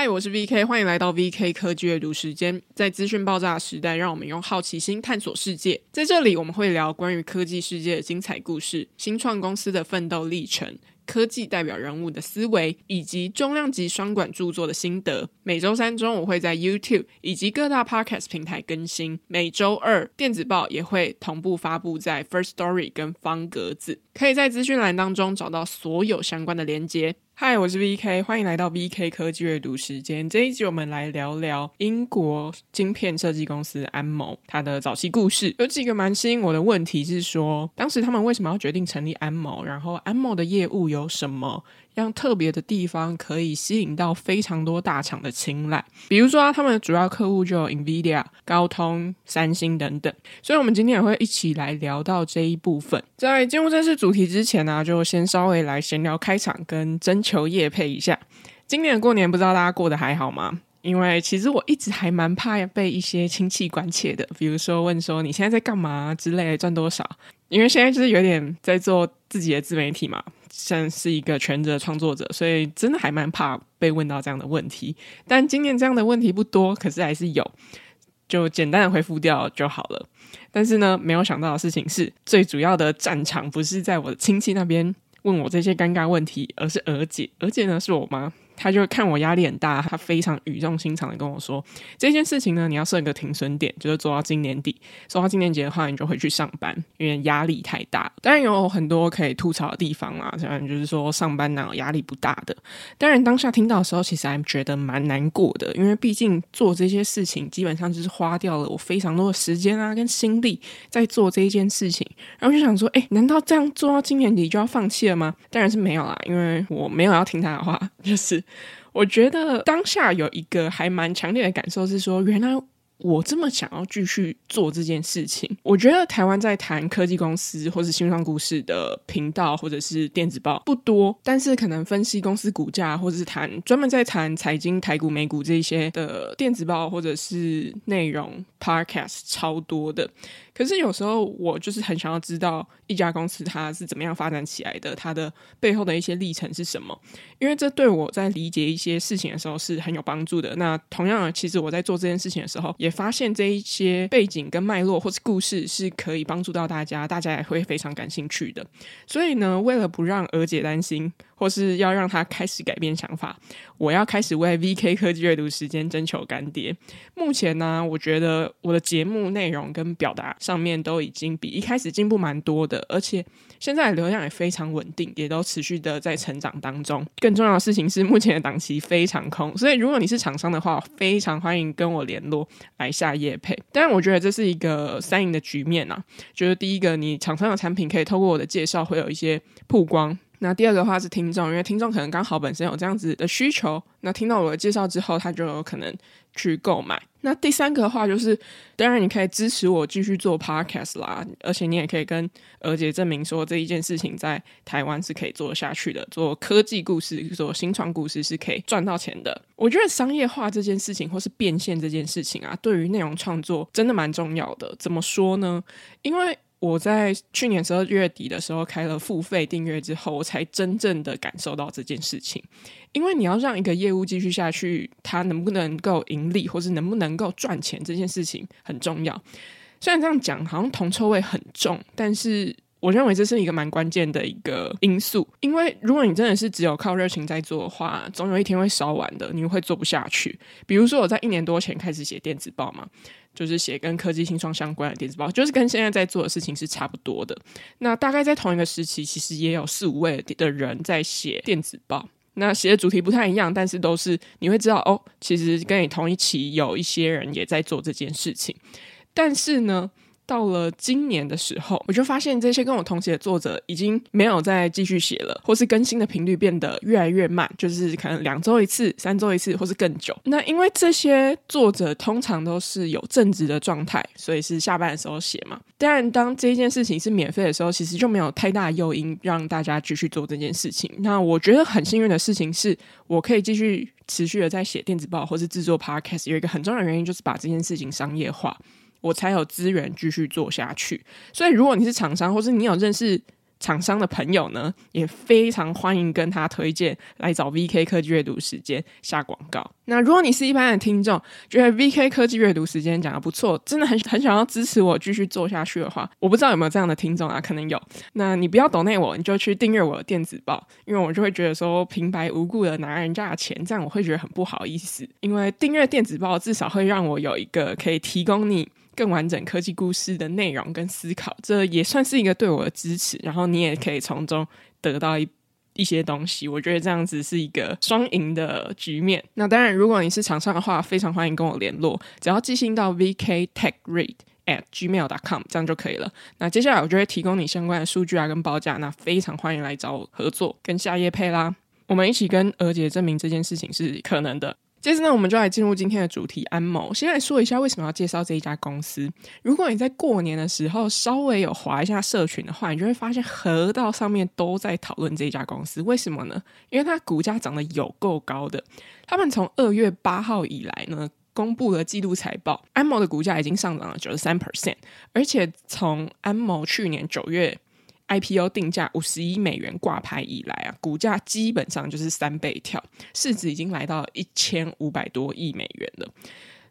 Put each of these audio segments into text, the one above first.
嗨，Hi, 我是 V K，歡迎來到 V K 科技閱讀時間。在資訊爆炸時代，讓我們用好奇心探索世界。在這裡，我們會聊關於科技世界的精彩故事、新創公司的奮鬥歷程、科技代表人物的思維，以及重量級雙管著作的心得。每周三中午我會在 YouTube 以及各大 Podcast 平台更新，每周二電子報也會同步發布在 First Story 跟方格子，可以在資訊欄當中找到所有相關的連接。嗨，Hi, 我是 VK，歡迎來到 VK 科技閱讀時間。這一集我們來聊聊英國晶片設計公司安謀，他的早期故事。有幾個蠻吸引我的問題是說，當時他們為什麼要決定成立安謀，然後安謀的業務有什麼？這樣特別的地方可以吸引到非常多大廠的青睞，比如說、啊、他們的主要客戶就有 NVIDIA、高通、三星等等。所以，我們今天也會一起來聊到這一部分。在進入正式主題之前呢、啊，就先稍微來閒聊開場，跟徵求業配一下。今年過年不知道大家過得還好嗎？因為其實我一直還蠻怕被一些親戚關切的，比如說問說你現在在幹嘛之類的，賺多少？因為現在就是有點在做自己的自媒體嘛。算是一個全職創作者，所以真的還蠻怕被問到這樣的問題。但今年這樣的問題不多，可是還是有，就簡單的回復掉就好了。但是呢，沒有想到的事情是，最主要的戰場不是在我的親戚那邊問我這些尷尬問題，而是兒姐，兒姐呢是我媽。他就看我壓力很大，他非常語重心長的跟我說，這件事情呢，你要設一個停損點，就是做到今年底，做到今年底的話，你就回去上班，因為壓力太大了。當然有很多可以吐槽的地方啦，像就是說上班哪有壓力不大的。當然當下聽到的時候，其實還覺得蠻難過的，因為畢竟做這些事情，基本上就是花掉了我非常多的時間啊，跟心力在做這一件事情。然後就想說，哎、欸，難道這樣做到今年底就要放棄了嗎？當然是沒有啦，因為我沒有要聽他的話，就是。我覺得當下有一個還蠻強烈的感受是說，原來我這麼想要繼續做這件事情。我覺得台灣在談科技公司或是新創故事的頻道或者是電子報不多，但是可能分析公司股價或者是談專門在談財經台股美股這些的電子報或者是內容 podcast 超多的。可是有時候我就是很想要知道一家公司它是怎麼樣發展起來的，它的背後的一些歷程是什麼，因為這對我在理解一些事情的時候是很有幫助的。那同樣，其實我在做這件事情的時候，也發現這一些背景跟脈絡或是故事是可以幫助到大家，大家也會非常感興趣的。所以呢，為了不讓娥姐擔心。或是要讓他開始改變想法，我要開始為 VK 科技閱讀時間徵求乾爹。目前呢、啊，我覺得我的節目內容跟表達上面都已經比一開始進步蠻多的，而且現在的流量也非常穩定，也都持續的在成長當中。更重要的事情是，目前的檔期非常空，所以如果你是廠商的話，非常歡迎跟我聯絡來下業配。當然，我覺得這是一個三贏的局面吶、啊。覺、就、得、是、第一個，你廠商的產品可以透過我的介紹，會有一些曝光。那第二個的話是聽眾，因為聽眾可能剛好本身有這樣子的需求，那聽到我的介紹之後，他就有可能去購買。那第三個的話就是，當然你可以支持我繼續做 podcast 啦，而且你也可以跟而姐證明說，這一件事情在台灣是可以做下去的，做科技故事、做新創故事是可以賺到錢的。我覺得商業化這件事情或是變現這件事情啊，對於內容創作真的蠻重要的。怎麼說呢？因為我在去年十二月底的時候開了付費訂閱之後，我才真正的感受到這件事情。因為你要讓一個業務繼續下去，它能不能夠盈利，或是能不能夠賺錢，這件事情很重要。雖然這樣講，好像銅臭味很重，但是。我認為這是一個蠻關鍵的一個因素，因為如果你真的是只有靠熱情在做的話，總有一天會燒完的，你會做不下去。比如說，我在一年多前開始寫電子報嘛，就是寫跟科技新創相關的電子報，就是跟現在在做的事情是差不多的。那大概在同一個時期，其實也有四五位的人在寫電子報，那寫的主題不太一樣，但是都是你會知道哦，其實跟你同一期有一些人也在做這件事情，但是呢。到了今年的時候，我就發現這些跟我同寫的作者已經沒有再繼續寫了，或是更新的頻率變得越來越慢，就是可能兩周一次、三周一次，或是更久。那因為這些作者通常都是有正職的狀態，所以是下班的時候寫嘛。當然，當這件事情是免費的時候，其實就沒有太大的誘因讓大家繼續做這件事情。那我覺得很幸運的事情是，我可以繼續持續的在寫電子報或是制作 Podcast，有一個很重要的原因就是把這件事情商業化。我才有資源繼續做下去，所以如果你是廠商，或是你有認識廠商的朋友呢，也非常歡迎跟他推薦來找 VK 科技閱讀時間下廣告。那如果你是一般的聽眾，覺得 VK 科技閱讀時間講得不錯，真的很很想要支持我繼續做下去的話，我不知道有沒有這樣的聽眾啊，可能有。那你不要抖內我，你就去訂閱我的電子報，因為我就會覺得說平白無故的拿人家的錢，這樣我會覺得很不好意思。因為訂閱電子報至少會讓我有一個可以提供你更完整科技故事的內容跟思考，這也算是一個對我的支持。然後你也可以從中得到一一些東西，我覺得這樣子是一個雙贏的局面。那當然，如果你是廠商的話，非常歡迎跟我聯絡，只要寄信到 vk tech read at gmail dot com，這樣就可以了。那接下來我就會提供你相關的數據啊跟報價，那非常歡迎來找我合作，跟下業配啦，我們一起跟娥姐證明這件事情是可能的。接着呢，我們就來進入今天的主題安謀。先來說一下為什麼要介紹這一家公司。如果你在過年的時候稍微有滑一下社群的話，你就會發現河道上面都在討論這一家公司。為什麼呢？因為它股價漲得有夠高的。他們從二月八號以來呢，公布了季度財報，安謀的股價已經上漲了九十三 percent，而且從安謀去年九月。IPO 定價五十一美元掛牌以來啊，股價基本上就是三倍跳，市值已經來到一千五百多億美元了。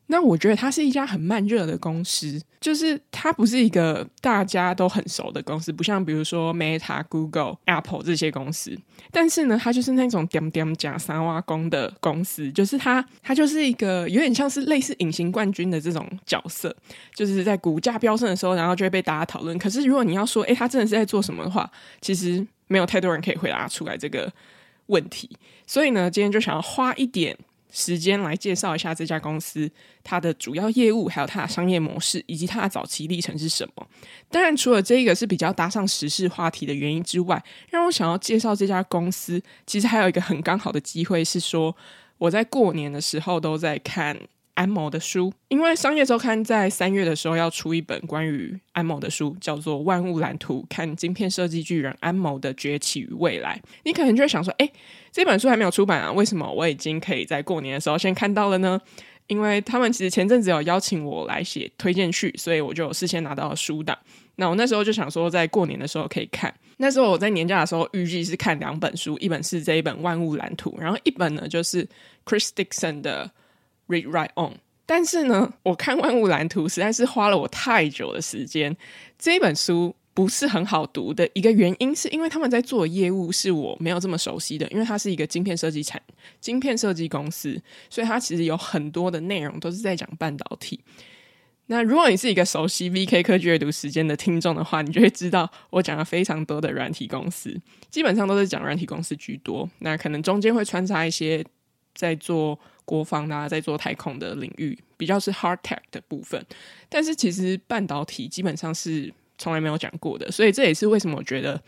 那我覺得它是一家很慢熱的公司，就是它不是一個大家都很熟的公司，不像比如說 Meta、Google、Apple 這些公司。但是呢，它就是那種點點假三挖工的公司，就是它它就是一個有點像是類似隱形冠軍的這種角色，就是在股價飆升的時候，然後就會被大家討論。可是如果你要說，哎、欸，它真的是在做什麼的話，其實沒有太多人可以回答出來這個問題。所以呢，今天就想要花一點。時間來介紹一下這家公司，它的主要業務，還有它的商業模式，以及它的早期歷程是什麼。當然，除了這個是比較搭上時事話題的原因之外，讓我想要介紹這家公司，其實還有一個很剛好的機會是說，我在過年的時候都在看。安謀的書，因為商業週刊在三月的時候要出一本關於安謀的書，叫做《萬物藍圖：看晶片設計巨人安謀的崛起與未來》。你可能就會想說，誒、欸，這本書還沒有出版啊，為什麼我已經可以在過年的時候先看到了呢？因為他們其實前陣子有邀請我來寫推薦序，所以我就事先拿到了書檔。那我那時候就想說，在過年的時候可以看。那時候我在年假的時候預計是看兩本書，一本是這一本《萬物藍圖》，然後一本呢就是 Chris Dixon 的。Read, write on，但是呢，我看《萬物藍圖》實在是花了我太久的時間。這本書不是很好讀的一個原因，是因為他們在做業務是我沒有這麼熟悉的，因為它是一個晶片設計產晶片設計公司，所以它其實有很多的內容都是在講半導體。那如果你是一個熟悉 VK 科技閱讀時間的聽眾的話，你就會知道我講了非常多的軟體公司，基本上都是講軟體公司居多。那可能中間會穿插一些。在做國防啊，在做太空的領域，比較是 hard tech 的部分，但是其實半導體基本上是從來沒有講過的，所以這也是為什麼我覺得。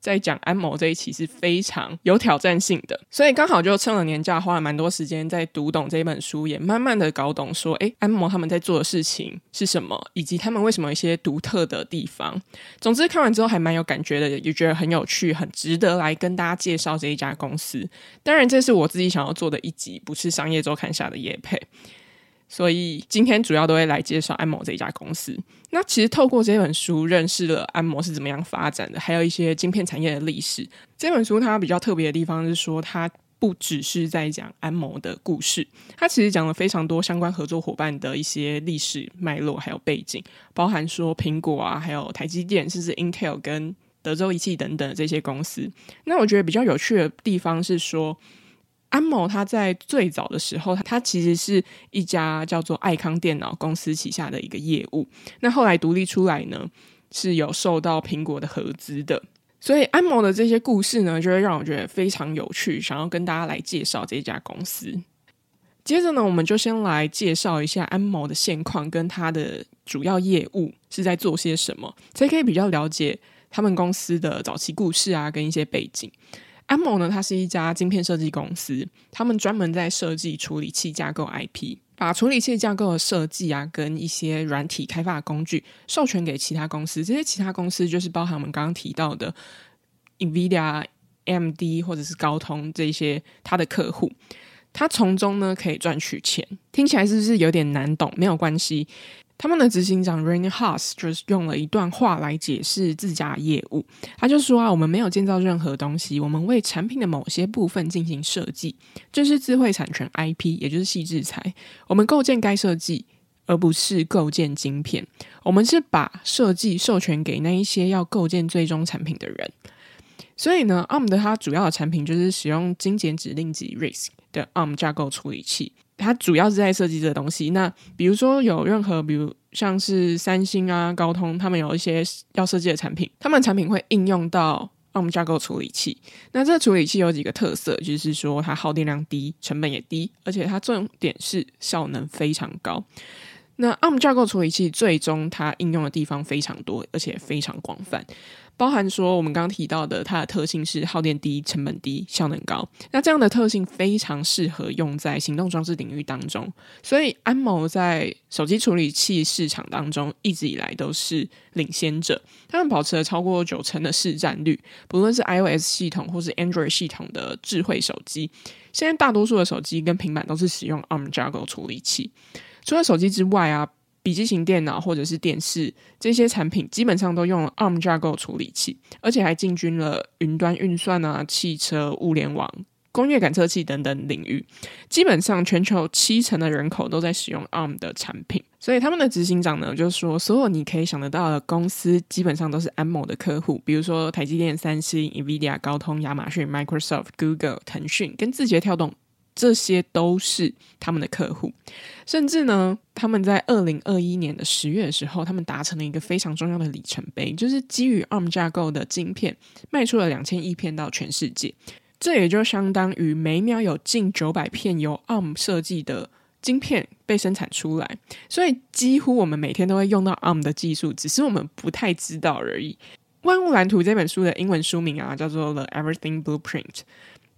在講安謀這一期是非常有挑戰性的，所以剛好就趁了年假花了蠻多時間在讀懂這一本書，也慢慢的搞懂說，哎、欸，安謀他們在做的事情是什麼，以及他們為什麼一些獨特的地方。總之看完之後還蠻有感覺的，也覺得很有趣，很值得來跟大家介紹這一家公司。當然，這是我自己想要做的一集，不是商業周刊下的業配。所以今天主要都會來介紹安謀這一家公司。那其實透過這本書認識了安謀是怎麼樣發展的，還有一些晶片產業的歷史。這本書它比較特別的地方是說，它不只是在講安謀的故事，它其實講了非常多相關合作夥伴的一些歷史脈絡還有背景，包含說蘋果啊，還有台積電，甚至 Intel 跟德州儀器等等這些公司。那我覺得比較有趣的地方是說。安謀他在最早的時候，他他其實是一家叫做愛康電腦公司旗下的一個業務。那後來獨立出來呢，是有受到蘋果的合資的。所以安謀的這些故事呢，就會讓我覺得非常有趣，想要跟大家來介紹這家公司。接着呢，我們就先來介紹一下安謀的現況跟他的主要業務是在做些什麼，才可以比較了解他們公司的早期故事啊，跟一些背景。Arm 呢，它是一家晶片設計公司，他們專門在設計處理器架構 IP，把處理器架構的設計啊，跟一些軟體開發工具授權給其他公司，這些其他公司就是包含我們剛剛提到的 NVIDIA、AMD 或者是高通這些，他的客戶，他從中呢可以賺取錢。聽起來是不是有點難懂？沒有關係。他們的執行長 Rene Haas 就是用了一段話來解釋自家業務，他就說啊，我們沒有建造任何東西，我們為產品的某些部分進行設計，這，就是智慧產權 IP，也就是矽智財。我們構建該設計，而不是構建晶片。我們是把設計授權給那一些要構建最終產品的人。所以呢，Arm 的它主要的產品就是使用精簡指令集 RISC 的 Arm 架構處理器。它主要是在設計這東西。那比如說有任何，比如像是三星啊、高通，他們有一些要設計的產品，他們產品會應用到 Arm 架構處理器。那這個處理器有幾個特色，就是說它耗電量低，成本也低，而且它重點是效能非常高。那 Arm 架構處理器最終它應用的地方非常多，而且非常廣泛。包含說，我們剛剛提到的，它的特性是耗電低、成本低、效能高。那這樣的特性非常適合用在行動裝置領域當中。所以，安 o 在手機處理器市場當中一直以來都是領先者，他們保持了超過九成的市占率。不論是 iOS 系統或是 Android 系統的智慧手機，現在大多數的手機跟平板都是使用 ARM l e 處理器。除了手機之外啊。筆記型電腦或者是電視這些產品，基本上都用了 ARM 架構處理器，而且還進軍了雲端運算啊、汽車、物聯網、工業感測器等等領域。基本上，全球七成的人口都在使用 ARM 的產品，所以他們的執行長呢，就說所有你可以想得到的公司，基本上都是 ARM 的客戶，比如說台積電、三星、NVIDIA、高通、亞馬遜、Microsoft Google、Google、騰訊跟字節跳動。這些都是他們的客戶，甚至呢，他們在二零二一年的十月的時候，他們達成了一個非常重要的里程碑，就是基於 ARM 架構的晶片賣出了兩千億片到全世界，這也就相當於每秒有近九百片由 ARM 設計的晶片被生產出來，所以幾乎我們每天都會用到 ARM 的技術，只是我們不太知道而已。《萬物藍圖》這本書的英文書名啊，叫做《The Everything Blueprint》。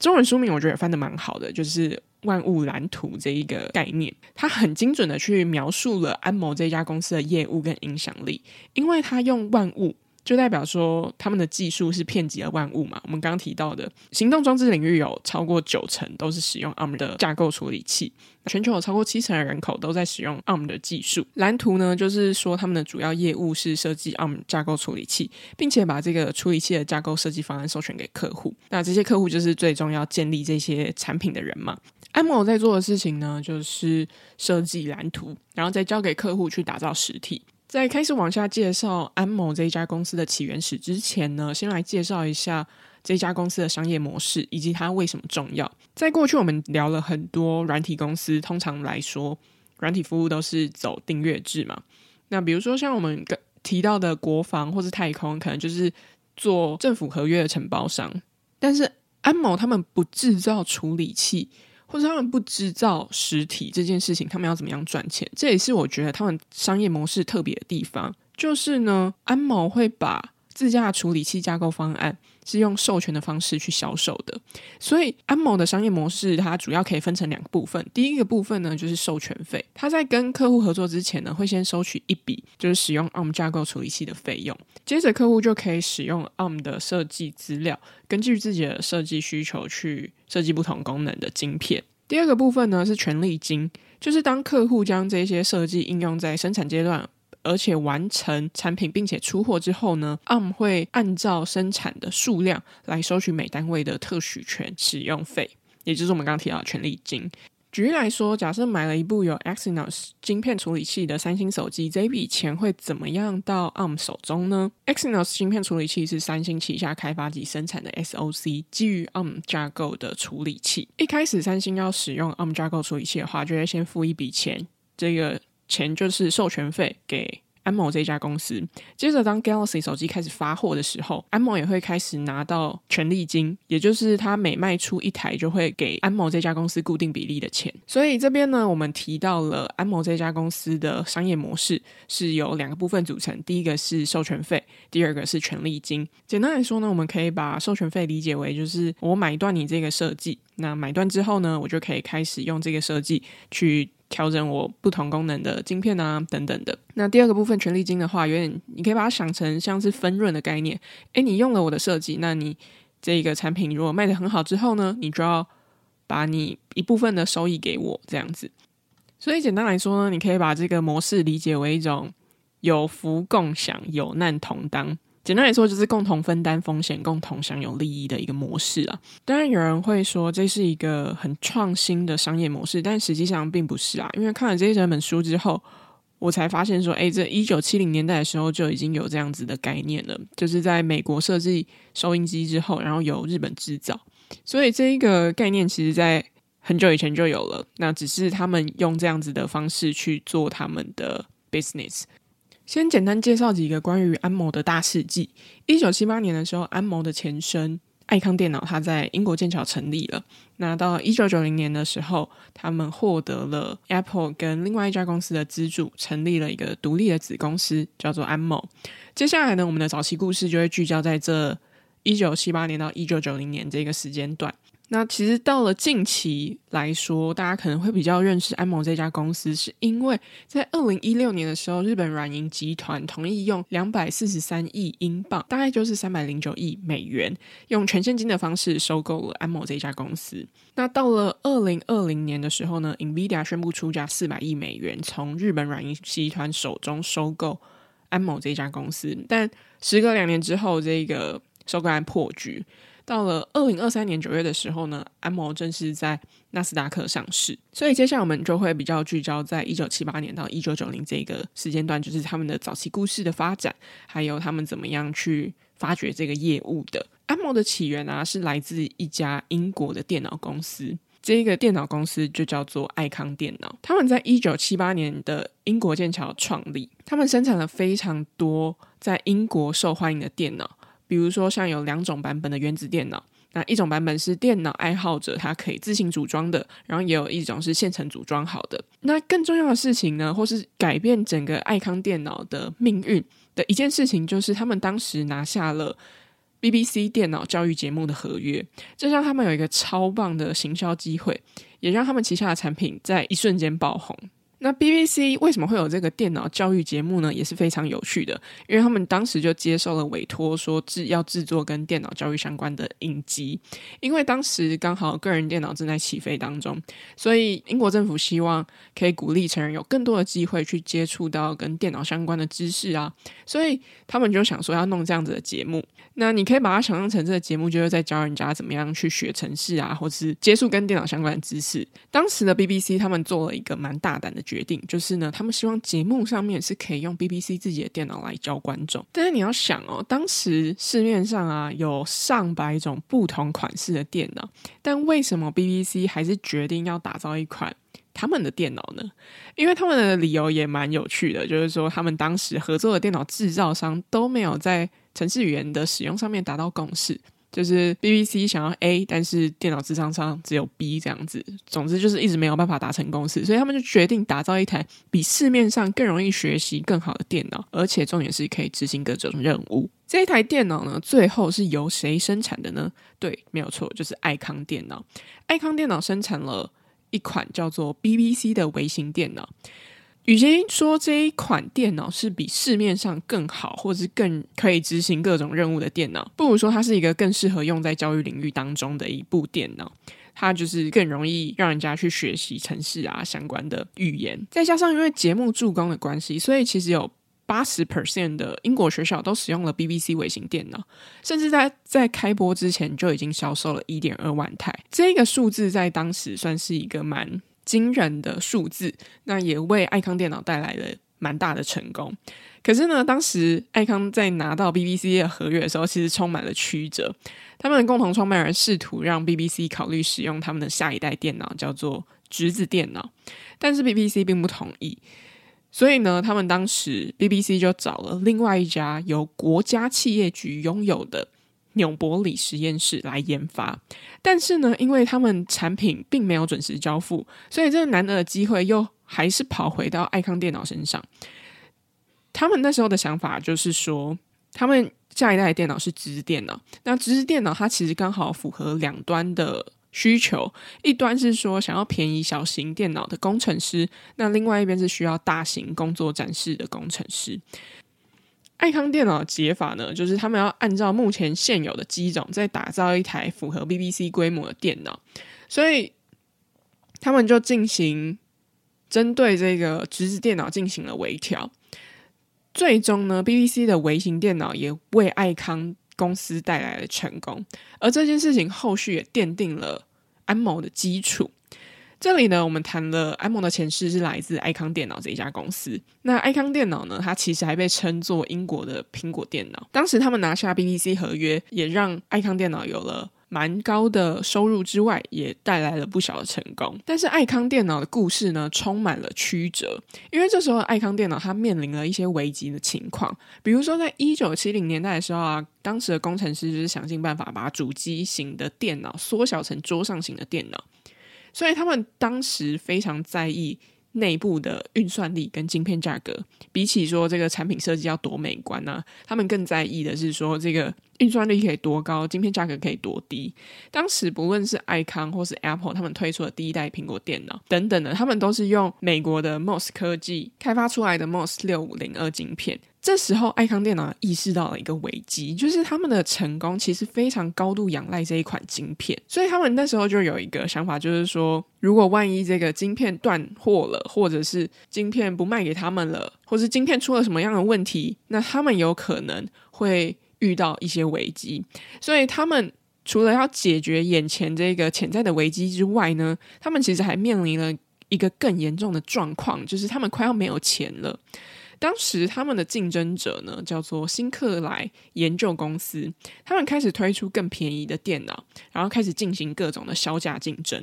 中文書名我覺得也翻的蠻好的，就是“萬物藍圖”這一個概念，它很精準的去描述了安謀這家公司的業務跟影響力，因為它用萬物。就代表說，他們的技術是遍及了萬物嘛？我們剛剛提到的行動裝置領域，有超過九成都是使用 ARM 的架構處理器。全球有超過七成的人口都在使用 ARM 的技術。藍圖呢，就是說他們的主要業務是設計 ARM 架構處理器，並且把這個處理器的架構設計方案授權給客戶。那這些客戶就是最終要建立這些產品的人嘛。安謀在做的事情呢，就是設計藍圖，然後再交給客戶去打造實體。在開始往下介紹安謀這一家公司的起源史之前呢，先來介紹一下這一家公司的商業模式以及它為什麼重要。在過去，我們聊了很多軟體公司，通常來說，軟體服務都是走訂閱制嘛。那比如說，像我們提到的國防或是太空，可能就是做政府合約的承包商。但是安謀他們不製造處理器。或者他們不製造實體這件事情，他們要怎麼樣賺錢？這也是我覺得他們商業模式特別的地方。就是呢，安謀會把自家的處理器架構方案是用授權的方式去銷售的，所以安謀的商業模式它主要可以分成兩個部分。第一個部分呢，就是授權費，它在跟客戶合作之前呢，會先收取一筆就是使用 ARM 架構處理器的費用，接着客戶就可以使用 ARM 的設計資料，根據自己的設計需求去設計不同功能的晶片。第二個部分呢是權利金，就是當客戶將這些設計應用在生產階段。而且完成產品並且出貨之後呢，ARM 會按照生產的數量來收取每單位的特許權使用費，也就是我們剛提到的權利金。舉例來說，假設買了一部有 Exynos 芯片處理器的三星手機，這筆錢會怎麼樣到 ARM 手中呢？Exynos 芯片處理器是三星旗下開發及生產的 SOC，基於 ARM 架構的處理器。一開始，三星要使用 ARM 架構處理器的話，就要先付一筆錢。這個。錢就是授權費，給安謀這家公司。接着，當 Galaxy 手機開始發貨的時候，安謀也會開始拿到權利金，也就是他每賣出一台就會給安謀這家公司固定比例的錢。所以這邊呢，我們提到了安謀這家公司的商業模式是由兩個部分組成，第一個是授權費，第二個是權利金。簡單來說呢，我們可以把授權費理解為就是我買斷你這個設計，那買斷之後呢，我就可以開始用這個設計去。調整我不同功能的晶片啊，等等的。那第二個部分，權利金的話，有點你可以把它想成像是分潤的概念。誒、欸，你用了我的設計，那你這個產品如果賣的很好之後呢，你就要把你一部分的收益給我這樣子。所以簡單來說呢，你可以把這個模式理解為一種有福共享，有難同當。簡單來說，就是共同分擔風險、共同享有利益的一個模式。當然，有人會說這是一個很創新的商業模式，但實際上並不是啊。因為看了這一整本書之後，我才發現說，哎，這一九七零年代的時候就已經有這樣子的概念了，就是在美國設計收音機之後，然後由日本制造。所以這一個概念其實在很久以前就有了。那只是他們用這樣子的方式去做他們的 business。先簡單介紹幾個關於安謀的大事蹟。一九七八年的時候，安謀的前身愛康電腦，它在英國劍橋成立了。那到一九九零年的時候，他們獲得了 Apple 跟另外一家公司的資助，成立了一個獨立的子公司，叫做安謀。接下來呢，我們的早期故事就會聚焦在這一九七八年到一九九零年這個時間段。那其實到了近期來說，大家可能會比較認識安謀這家公司，是因為在二零一六年的時候，日本軟銀集團同意用兩百四十三億英鎊，大概就是三百零九億美元，用全現金的方式收購了安謀這家公司。那到了二零二零年的時候呢，NVIDIA 宣布出價四百億美元，從日本軟銀集團手中收購安謀這家公司。但時隔兩年之後，這個收購案破局。到了二零二三年九月的時候呢，安謀正式在納斯達克上市。所以，接下來我們就會比較聚焦在一九七八年到一九九零這個時間段，就是他們的早期故事的發展，還有他們怎麼樣去發掘這個業務的。安謀的起源啊，是來自一家英國的電腦公司，這個電腦公司就叫做愛康電腦。他們在一九七八年的英國劍橋創立，他們生產了非常多在英國受歡迎的電腦。比如說，像有兩種版本的原子電腦，那一種版本是電腦愛好者他可以自行組裝的，然後也有一種是現成組裝好的。那更重要的事情呢，或是改變整個艾康電腦的命運的一件事情，就是他們當時拿下了 BBC 電腦教育節目的合約，這讓他們有一個超棒的行銷機會，也讓他們旗下的產品在一瞬間爆紅。那 BBC 為什麼會有這個電腦教育節目呢？也是非常有趣的，因為他們當時就接受了委託，說制要製作跟電腦教育相關的影集。因為當時剛好個人電腦正在起飛當中，所以英國政府希望可以鼓勵成人有更多的機會去接觸到跟電腦相關的知識啊，所以他們就想說要弄這樣子的節目。那你可以把它想象成這個節目就是在教人家怎麼樣去學程式啊，或是接觸跟電腦相關的知識。當時的 BBC 他們做了一個蠻大膽的。決定就是呢，他們希望節目上面是可以用 BBC 自己的電腦來教觀眾。但是你要想哦，當時市面上啊有上百種不同款式的電腦，但為什麼 BBC 還是決定要打造一款他們的電腦呢？因為他們的理由也蠻有趣的，就是說他們當時合作的電腦製造商都沒有在程式語言的使用上面達到共識。就是 BBC 想要 A，但是電腦智商上只有 B 這樣子。總之就是一直沒有辦法達成共識，所以他們就決定打造一台比市面上更容易學習、更好的電腦，而且重點是可以執行各種任務。這一台電腦呢，最後是由誰生產的呢？對，沒有錯，就是愛康電腦。愛康電腦生產了一款叫做 BBC 的微型電腦。與其說這一款電腦是比市面上更好，或是更可以執行各種任務的電腦，不如說它是一個更適合用在教育領域當中的一部電腦。它就是更容易讓人家去學習程式啊，相關的語言。再加上因為節目助攻的關係，所以其實有八十 percent 的英國學校都使用了 BBC 微型電腦，甚至在在開播之前就已經銷售了一點二萬台。這個數字在當時算是一個蠻。驚人的數字，那也為愛康電腦帶來了蠻大的成功。可是呢，當時愛康在拿到 BBC 的合約的時候，其實充滿了曲折。他們的共同創辦人試圖讓 BBC 考慮使用他們的下一代電腦，叫做橘子電腦，但是 BBC 並不同意。所以呢，他們當時 BBC 就找了另外一家由國家企業局擁有的。紐伯里實驗室來研發，但是呢，因為他們產品並沒有準時交付，所以這個難得的機會又還是跑回到愛康電腦身上。他們那時候的想法就是說，他們下一代的電腦是直子電腦，那直子電腦它其實剛好符合兩端的需求，一端是說想要便宜小型電腦的工程師，那另外一邊是需要大型工作展示的工程師。艾康電腦的解法呢，就是他們要按照目前現有的機種，再打造一台符合 BBC 規模的電腦，所以他們就進行針對這個直子電腦進行了微調，最終呢，BBC 的微型電腦也為艾康公司帶來了成功，而這件事情後續也奠定了安謀的基礎。這裡呢，我們談了埃蒙的前世是來自愛康電腦這一家公司。那愛康電腦呢，它其實還被稱作英國的蘋果電腦。當時他們拿下 BBC 合約，也讓愛康電腦有了蠻高的收入之外，也帶來了不小的成功。但是愛康電腦的故事呢，充滿了曲折，因為這時候愛康電腦它面臨了一些危機的情況。比如說，在一九七零年代的時候啊，當時的工程師就是想盡辦法把主機型的電腦縮小成桌上型的電腦。所以他們當時非常在意內部的運算力跟晶片價格，比起說這個產品設計要多美觀呢，啊，他們更在意的是說這個運算力可以多高，晶片價格可以多低。當時不論是 o 康或是 Apple，他們推出的第一代蘋果電腦等等的，他們都是用美國的 MOS 科技開發出來的 MOS 六五零二晶片。這時候，艾康電腦意識到了一個危機，就是他們的成功其實非常高度仰賴這一款晶片，所以他們那時候就有一個想法，就是說，如果萬一這個晶片斷貨了，或者是晶片不賣給他們了，或是晶片出了什麼樣的問題，那他們有可能會遇到一些危機。所以他們除了要解決眼前這個潛在的危機之外呢，他們其實還面臨了一個更嚴重的狀況，就是他們快要沒有錢了。當時他們的競爭者呢，叫做辛克萊研究公司，他們開始推出更便宜的電腦，然後開始進行各種的削價競爭。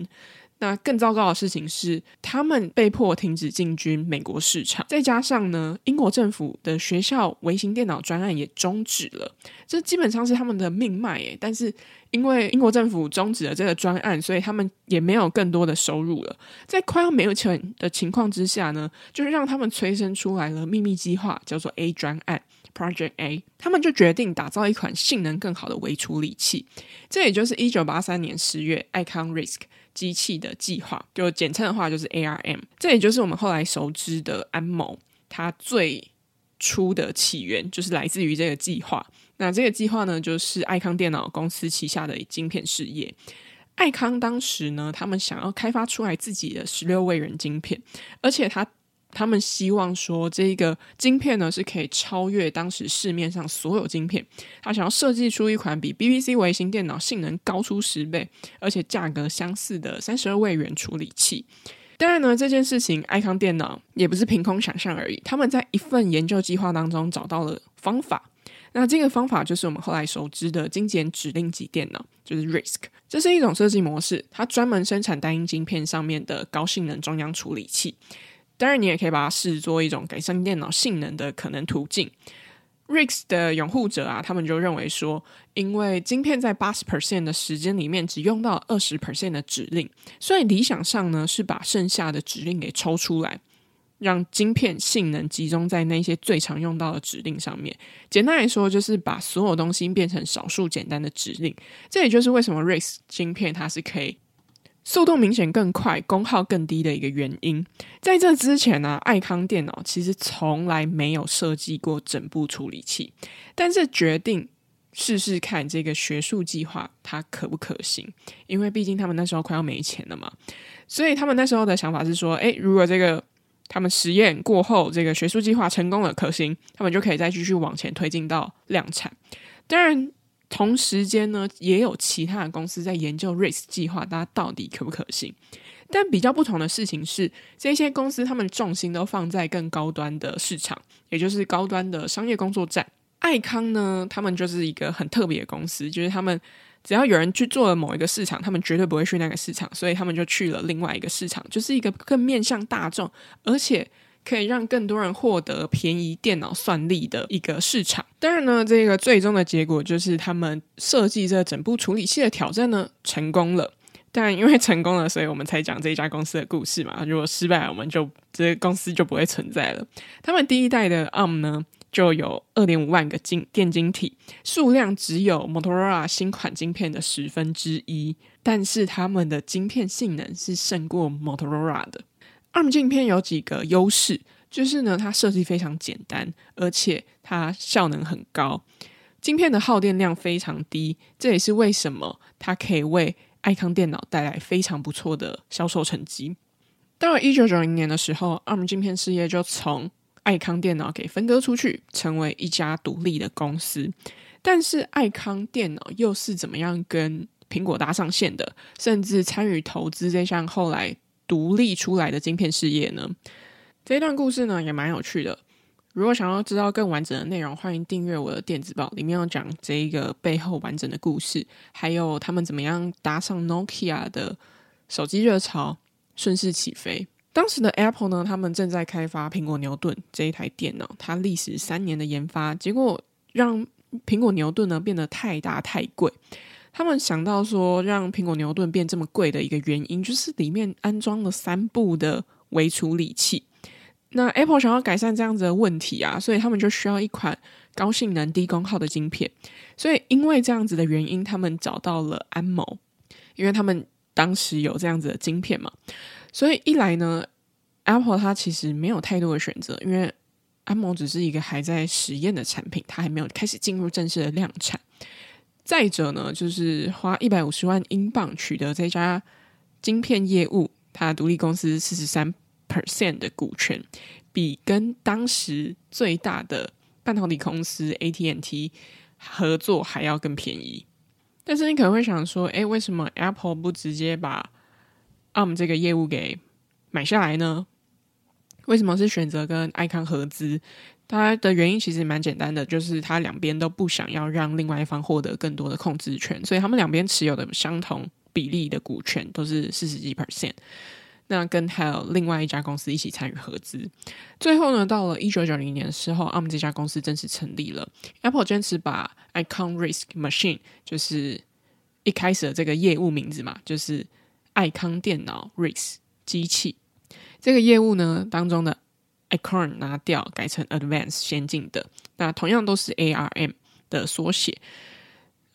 那更糟糕的事情是，他們被迫停止進軍美國市場。再加上呢，英國政府的學校微型電腦專案也終止了，這基本上是他們的命脈。哎，但是因為英國政府終止了這個專案，所以他們也沒有更多的收入了。在快要沒有錢的情況之下呢，就是讓他們催生出來了祕密計劃，叫做 A 專案 （Project A）。他們就決定打造一款性能更好的微處理器。這也就是一九八三年十月，艾康 Risk。機器的計劃，就簡稱的話就是 ARM，這也就是我們後來熟知的安謀，它最初的起源就是來自於這個計劃。那這個計劃呢，就是愛康電腦公司旗下的晶片事業。愛康當時呢，他們想要開發出來自己的十六位元晶片，而且它。他們希望說，這個晶片，呢，是可以超越當時市面上所有晶片。他想要設計出一款比 BBC 微型電腦性能高出十倍，而且價格相似的三十二位元處理器。當然呢，這件事情艾康電腦也不是憑空想象而已。他們在一份研究計劃當中找到了方法。那這個方法就是我們後來熟知的精簡指令集電腦，就是 RISC。這是一種設計模式，它專門生產單一晶片上面的高性能中央處理器。當然，你也可以把它視作一種改善電腦性能的可能途徑。RISC 的擁護者啊，他們就認為說，因為晶片在八十 percent 的時間裡面只用到二十 percent 的指令，所以理想上呢是把剩下的指令給抽出來，讓晶片性能集中在那些最常用到的指令上面。簡單來說，就是把所有東西變成少數簡單的指令。這也就是為什麼 RISC 晶片它是可以。速度明顯更快，功耗更低的一個原因。在這之前呢、啊，愛康電腦其實從來沒有設計過整部處理器，但是決定試試看這個學術計劃它可不可行，因為畢竟他們那時候快要沒錢了嘛。所以他們那時候的想法是說，誒、欸，如果這個他們實驗過後，這個學術計劃成功了可行，他們就可以再繼續往前推進到量產。當然。同時間呢，也有其他的公司在研究 RISC 計劃，它到底可不可行？但比較不同的事情是，這些公司他們重心都放在更高端的市場，也就是高端的商業工作站。艾康呢，他們就是一個很特別的公司，就是他們只要有人去做了某一個市場，他們絕對不會去那個市場，所以他們就去了另外一個市場，就是一個更面向大眾，而且。可以讓更多人獲得便宜電腦算力的一個市場。當然呢，這個最終的結果就是他們設計這整部處理器的挑戰呢，成功了。但因為成功了，所以我們才講這一家公司的故事嘛。如果失敗了，我們就這公司就不會存在了。他們第一代的 ARM 呢，就有二點五萬個晶電晶體，數量只有 Motorola 新款晶片的十分之一，但是他們的晶片性能是勝過 Motorola 的。Arm 晶片有幾個優勢，就是呢，它設計非常簡單，而且它效能很高，晶片的耗電量非常低，這也是為什麼它可以為愛康電腦帶來非常不錯的銷售成績。到了一九九零年的時候，Arm 晶片事業就從愛康電腦給分割出去，成為一家獨立的公司。但是愛康電腦又是怎麼樣跟蘋果搭上線的，甚至參與投資這項後來？獨立出來的晶片事業呢，這一段故事呢也蠻有趣的。如果想要知道更完整的內容，歡迎訂閱我的電子報，裡面要講這一個背後完整的故事，還有他們怎麼樣搭上 Nokia 的手機熱潮，順勢起飛。當時的 Apple 呢，他們正在開發蘋果牛頓這一台電腦，它歷時三年的研發，結果讓蘋果牛頓呢變得太大太貴。他們想到說，讓蘋果牛頓變這麼貴的一個原因，就是裡面安裝了三部的微處理器。那 Apple 想要改善這樣子的問題啊，所以他們就需要一款高性能、低功耗的晶片。所以因為這樣子的原因，他們找到了安謀，因為他們當時有這樣子的晶片嘛。所以一來呢，Apple 它其實沒有太多的選擇，因為安謀只是一個還在實驗的產品，它還沒有開始進入正式的量產。再者呢，就是花一百五十萬英鎊取得這家晶片業務，它獨立公司四十三 percent 的股權，比跟當時最大的半導體公司 AT&T 合作還要更便宜。但是你可能會想說，誒，為什麼 Apple 不直接把 ARM、um、這個業務給買下來呢？為什麼是選擇跟 Acorn 合資？它的原因其實蠻簡單的，就是它兩邊都不想要讓另外一方獲得更多的控制權，所以他們兩邊持有的相同比例的股權都是四十幾 percent。那跟還有另外一家公司一起參與合資。最後呢，到了一九九零年的時候，阿姆這家公司正式成立了。Apple 堅持把 Icon Risk Machine，就是一開始的這個業務名字嘛，就是愛康電腦 Risk 機器這個業務呢當中的。icon 拿掉，改成 advanced 先進的。那同樣都是 ARM 的縮寫。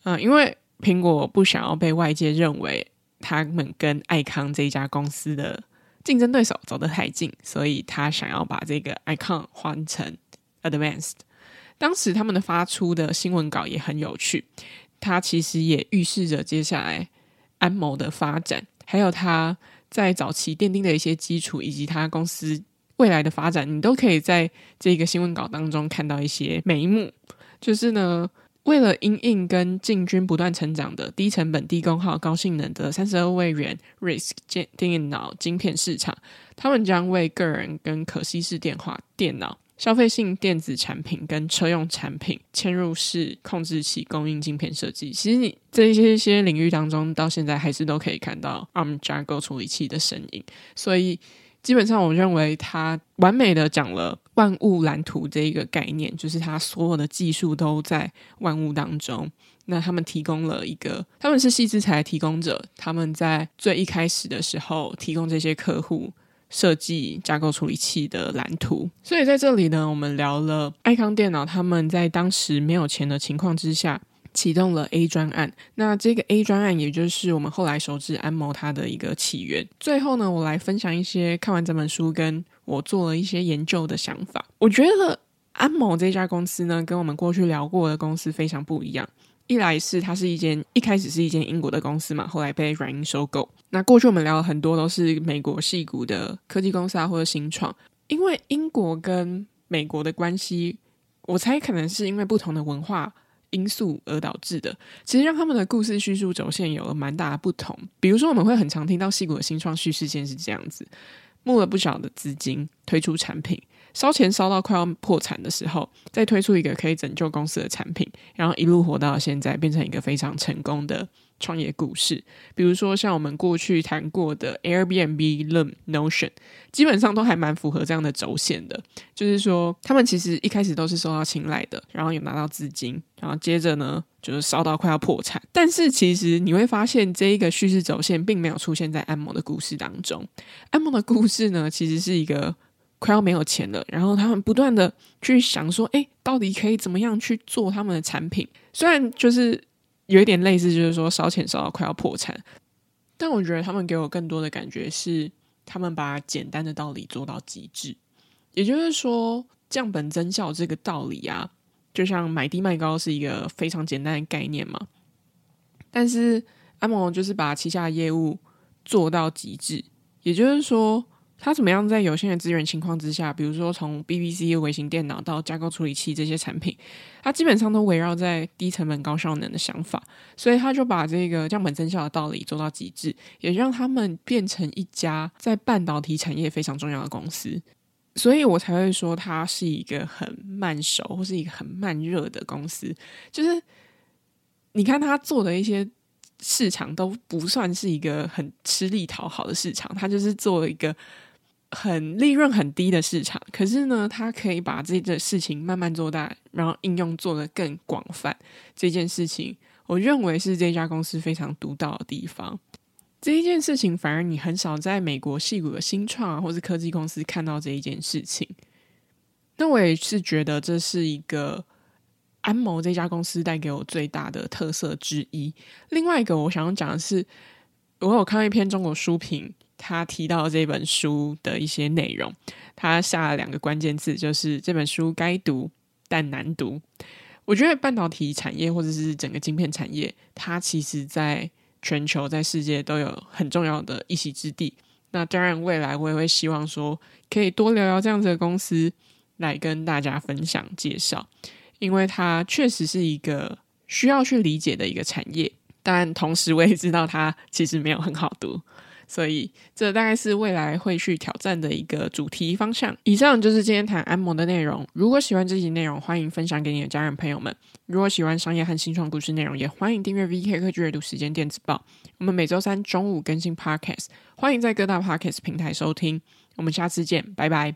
嗯、呃，因為蘋果不想要被外界認為他們跟愛康這一家公司的競爭對手走得太近，所以他想要把這個 icon 換成 advanced。當時他們的發出的新聞稿也很有趣，它其實也預示着接下來安謀的發展，還有他在早期奠定的一些基礎，以及他公司。未來的發展，你都可以在這個新聞稿當中看到一些眉目。就是呢，為了因應跟進軍不斷成長的低成本、低功耗、高性能的三十二位元 RISC 電腦晶片市場，他們將為個人跟可攜式電話、電腦、消費性電子產品跟車用產品嵌入式控制器供應晶片設計。其實你，你這一些些領域當中，到現在還是都可以看到 Arm 架構處理器的身影。所以。基本上，我認為他完美的講了萬物藍圖這一個概念，就是他所有的技術都在萬物當中。那他們提供了一個，他們是矽智財提供者，他們在最一開始的時候提供這些客戶設計架構處理器的藍圖。所以在這裡呢，我們聊了艾康電腦，他們在當時沒有錢的情況之下，啟動了 A 專案，那這個 A 專案也就是我們後來熟知安謀它的一個起源。最後呢，我來分享一些看完這本書跟我做了一些研究的想法。我覺得安謀這家公司呢，跟我們過去聊過的公司非常不一樣。一來是它是一間一開始是一間英國的公司嘛，後來被軟銀收購。那過去我們聊了很多都是美國矽谷的科技公司啊，或者新創。因為英國跟美國的關係，我猜可能是因為不同的文化因素而導致的，其實讓他們的故事敘述軸線有了蠻大的不同。比如說，我們會很常聽到矽谷的新創敘事線是這樣子：募了不少的資金，推出產品，燒錢燒到快要破產的時候，再推出一個可以拯救公司的產品，然後一路活到現在，變成一個非常成功的。創業故事，比如說像我們過去談過的 Airbnb、Loom Notion，基本上都還蠻符合這樣的軸線的。就是說，他們其實一開始都是受到青睞的，然後有拿到資金，然後接着呢，就是燒到快要破產。但是其實你會發現，這一個敘事軸線並沒有出現在安謀的故事當中。安謀的故事呢，其實是一個快要沒有錢了，然後他們不斷的去想說，哎、欸，到底可以怎麼樣去做他們的產品？雖然就是。有一點類似，就是說燒錢燒到快要破產，但我覺得他們給我更多的感覺是，他們把簡單的道理做到極致，也就是說降本增效這個道理啊，就像買低賣高是一個非常簡單的概念嘛，但是安謀就是把旗下的業務做到極致，也就是說。他怎麼樣在有限的資源情況之下，比如說從 BBC 微型電腦到架構處理器這些產品，他基本上都圍繞在低成本高效能的想法，所以他就把這個降本增效的道理做到極致，也讓他們變成一家在半導體產業非常重要的公司。所以我才會說他是一個很慢熟或是一個很慢熱的公司。就是你看他做的一些市場都不算是一個很吃力討好的市場，他就是做了一個。很利潤很低的市場，可是呢，他可以把這個事情慢慢做大，然後應用做得更廣泛。這件事情，我認為是這家公司非常獨到的地方。這一件事情，反而你很少在美國矽谷的新創啊，或是科技公司看到這一件事情。那我也是覺得這是一個安謀這家公司帶給我最大的特色之一。另外一個，我想要講的是，我有看一篇中國書評。他提到這本書的一些內容，他下了兩個關鍵字，就是這本書該讀但難讀。我覺得半導體產業或者是整個晶片產業，它其實在全球、在世界都有很重要的一席之地。那當然，未來我也會希望說可以多聊聊這樣子的公司，來跟大家分享介紹，因為它確實是一個需要去理解的一個產業。但同時，我也知道它其實沒有很好讀。所以，這大概是未來會去挑戰的一個主題方向。以上就是今天談安謀的內容。如果喜歡這期內容，歡迎分享給你的家人朋友們。如果喜歡商業和新創故事內容，也歡迎訂閱 VK 科技閱讀時間電子報。我們每週三中午更新 Podcast，歡迎在各大 Podcast 平台收聽。我們下次見，拜拜。